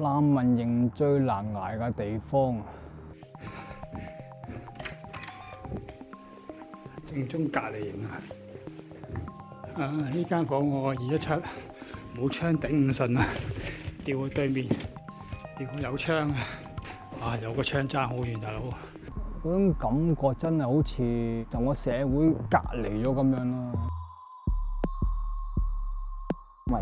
難民營最難捱嘅地方，正宗隔離營啊！啊，呢間房我二一七，冇窗頂唔順啊！調去對面，調去有窗啊！啊，有個窗爭好遠，大佬。嗰種感覺真係好似同個社會隔離咗咁樣咯。咪。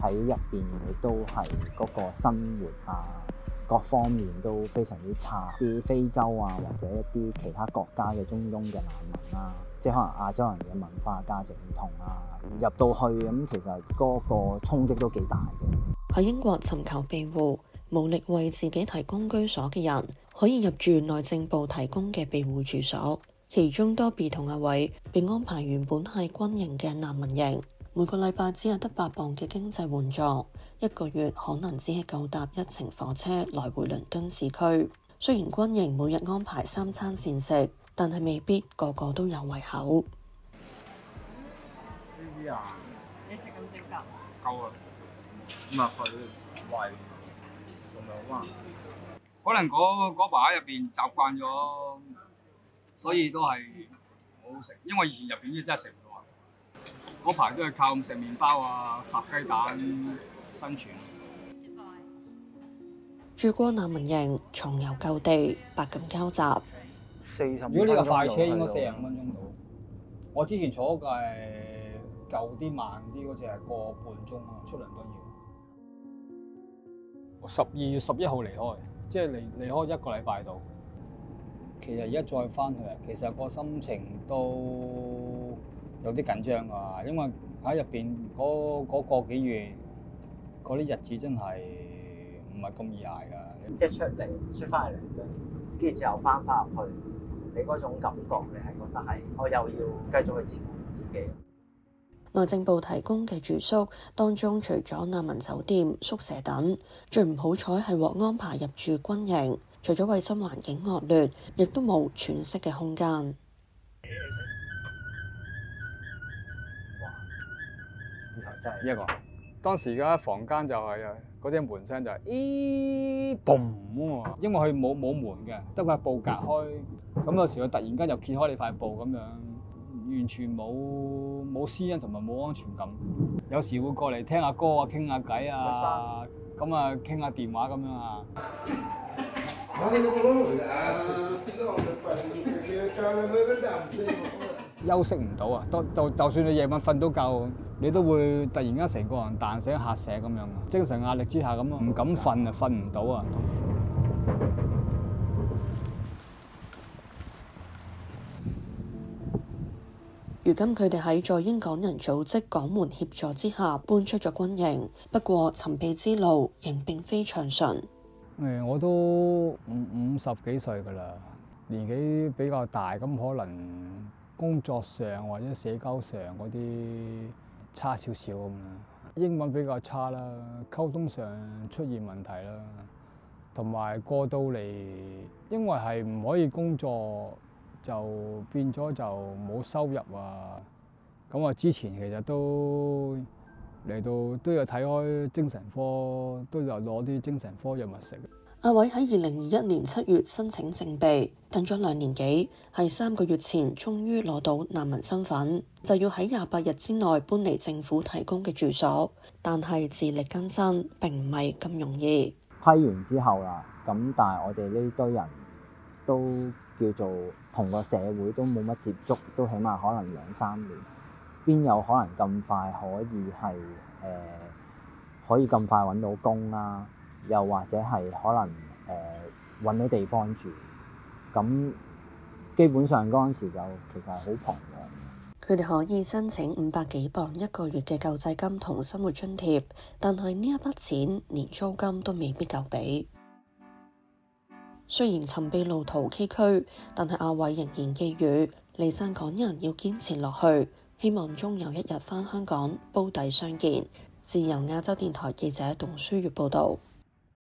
喺入邊亦都係嗰個生活啊，各方面都非常之差。啲非洲啊，或者一啲其他國家嘅中東嘅難民啊，即係可能亞洲人嘅文化價值唔同啊，入到去咁其實嗰個衝擊都幾大嘅。喺英國尋求庇護、無力為自己提供居所嘅人，可以入住內政部提供嘅庇護住所，其中多比同阿偉並安排原本係軍營嘅難民營。每個禮拜只係得八磅嘅經濟援助，一個月可能只係夠搭一程火車來回倫敦市區。雖然軍營每日安排三餐膳食，但係未必個個都有胃口。呢啲啊，你食咁少夠？夠啊，五啊塊，胃同埋可能可能嗰嗰排入邊習慣咗，所以都係好好食。因為以前入邊啲真係食唔到。嗰排都係靠食麪包啊、烚雞蛋生存。住過難民營，重遊舊地，百感交集。四十。如果呢個快車應該四十五分鐘到。就是、的我之前坐嗰個係舊啲、慢啲嗰隻係個半鐘啊，出糧都要。我十二月十一號離開，即係離離開一個禮拜度。其實而家再翻去，其實個心情都～有啲緊張啊，因為喺入邊嗰嗰個幾月，嗰啲日子真係唔係咁易捱噶，即係出嚟出翻嚟，跟住之後翻返入去，你嗰種感覺，你係覺得係我又要繼續去照顧自己。內政部提供嘅住宿當中，除咗難民酒店、宿舍等，最唔好彩係獲安排入住軍營，除咗衞生環境惡劣，亦都冇喘息嘅空間。就一個，當時嘅房間就係嗰隻門聲就係、是、咦，嘣喎，因為佢冇冇門嘅，得塊布隔開，咁有時佢突然間又揭開你塊布咁樣，完全冇冇私隱同埋冇安全感，有時會過嚟聽下歌聊聊麼啊，傾下偈啊，咁啊傾下電話咁樣啊。 休息唔到啊！都就就算你夜晚瞓到覺，你都會突然間成個人彈醒吓醒咁樣啊。精神壓力之下咁，唔敢瞓啊，瞓唔到啊。如今佢哋喺在英港人組織港門協助之下搬出咗軍營，不過尋庇之路仍並非暢順。誒，我都五五十幾歲噶啦，年紀比較大，咁可能。工作上或者社交上嗰啲差少少咁啦，英文比較差啦，溝通上出現問題啦，同埋過到嚟，因為係唔可以工作，就變咗就冇收入啊。咁我之前其實都嚟到都有睇開精神科，都有攞啲精神科藥物食。阿偉喺二零二一年七月申請政庇，等咗兩年幾，係三個月前終於攞到難民身份，就要喺廿八日之內搬離政府提供嘅住所。但係自力更生並唔係咁容易。批完之後啦，咁但係我哋呢堆人都叫做同個社會都冇乜接觸，都起碼可能兩三年，邊有可能咁快可以係誒、呃、可以咁快搵到工啦？又或者係可能誒揾到地方住，咁基本上嗰陣時就其實係好窮嘅。佢哋可以申請五百幾磅一個月嘅救濟金同生活津貼，但係呢一筆錢連租金都未必夠俾。雖然尋庇路途崎嶇，但係阿偉仍然寄語離散港人要堅持落去，希望終有一日返香港煲底相見。自由亞洲電台記者董書月報導。